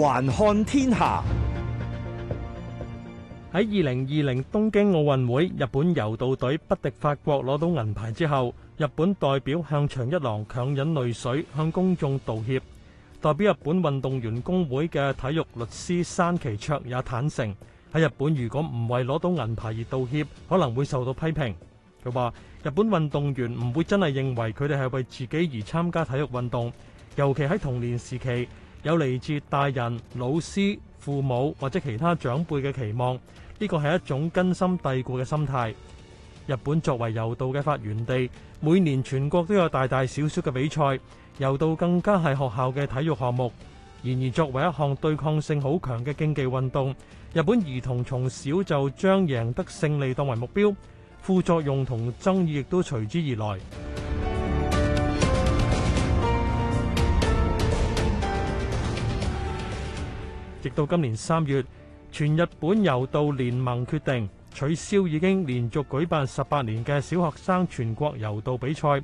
環看天下。喺二零二零東京奧運會，日本柔道隊不敵法國攞到銀牌之後，日本代表向長一郎強忍淚水，向公眾道歉。代表日本運動員工會嘅體育律師山崎卓也坦承，喺日本如果唔為攞到銀牌而道歉，可能會受到批評。佢話，日本運動員唔會真係認為佢哋係為自己而參加體育運動，尤其喺童年時期。有嚟自大人、老師、父母或者其他長輩嘅期望，呢個係一種根深蒂固嘅心態。日本作為柔道嘅發源地，每年全國都有大大小小嘅比賽，柔道更加係學校嘅體育項目。然而，作為一項對抗性好強嘅競技運動，日本兒童從小就將贏得勝利當為目標，副作用同爭議亦都隨之而來。直到今年三月，全日本柔道聯盟決定取消已經連續舉辦十八年嘅小學生全國柔道比賽。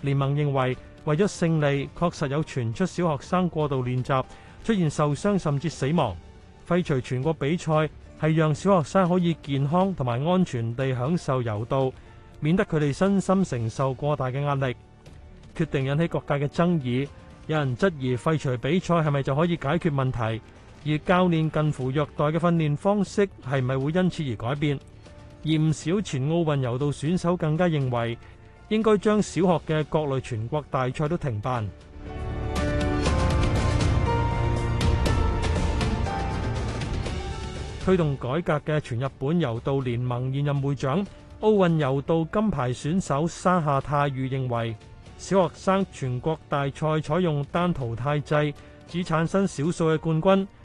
聯盟認為，為咗勝利，確實有傳出小學生過度練習出現受傷甚至死亡。廢除全國比賽係讓小學生可以健康同埋安全地享受柔道，免得佢哋身心承受過大嘅壓力。決定引起各界嘅爭議，有人質疑廢除比賽係咪就可以解決問題？而教練近乎虐待嘅訓練方式係咪會因此而改變？而唔少前奧運柔道選手更加認為應該將小學嘅各類全國大賽都停辦。推動改革嘅全日本柔道聯盟現任會長、奧運柔道金牌選手山下泰裕認為，小學生全國大賽採用單淘汰制，只產生少數嘅冠軍。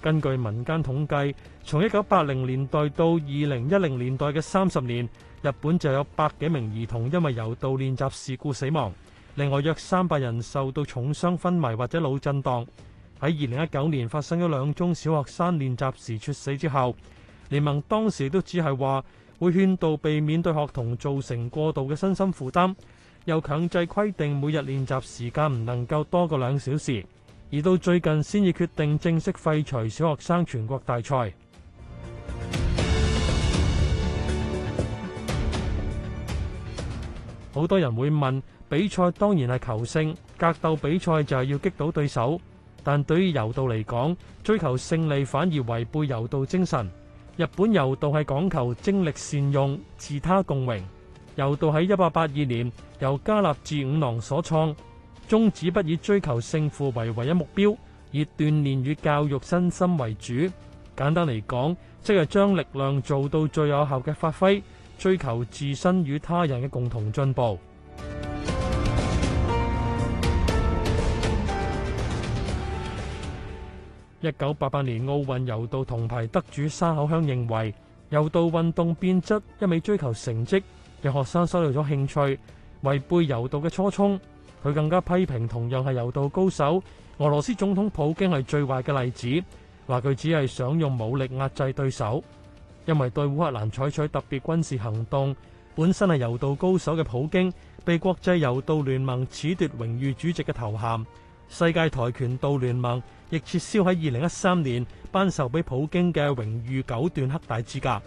根據民間統計，從一九八零年代到二零一零年代嘅三十年，日本就有百幾名兒童因為柔道練習事故死亡，另外約三百人受到重傷、昏迷或者腦震盪。喺二零一九年發生咗兩宗小學生練習時猝死之後，聯盟當時都只係話會勸導避免對學童造成過度嘅身心負擔，又強制規定每日練習時間唔能夠多過兩小時。而到最近先至決定正式廢除小學生全國大賽。好多人會問，比賽當然係求勝，格鬥比賽就係要擊倒對手。但對於柔道嚟講，追求勝利反而違背柔道精神。日本柔道係講求精力善用，自他共榮。柔道喺一八八二年由加納治五郎所創。宗旨不以追求勝負為唯一目標，以鍛煉與教育身心為主。簡單嚟講，即係將力量做到最有效嘅發揮，追求自身與他人嘅共同進步。一九八八年奧運柔道銅牌得主沙口香認為，柔道運動變質，一味追求成績，令學生失去咗興趣，違背柔道嘅初衷。佢更加批評，同樣係柔道高手俄羅斯總統普京係最壞嘅例子，話佢只係想用武力壓制對手，因為對烏克蘭採取特別軍事行動本身係柔道高手嘅普京，被國際柔道聯盟褫奪榮譽主席嘅頭銜，世界跆拳道聯盟亦撤銷喺二零一三年頒授畀普京嘅榮譽九段黑帶資格。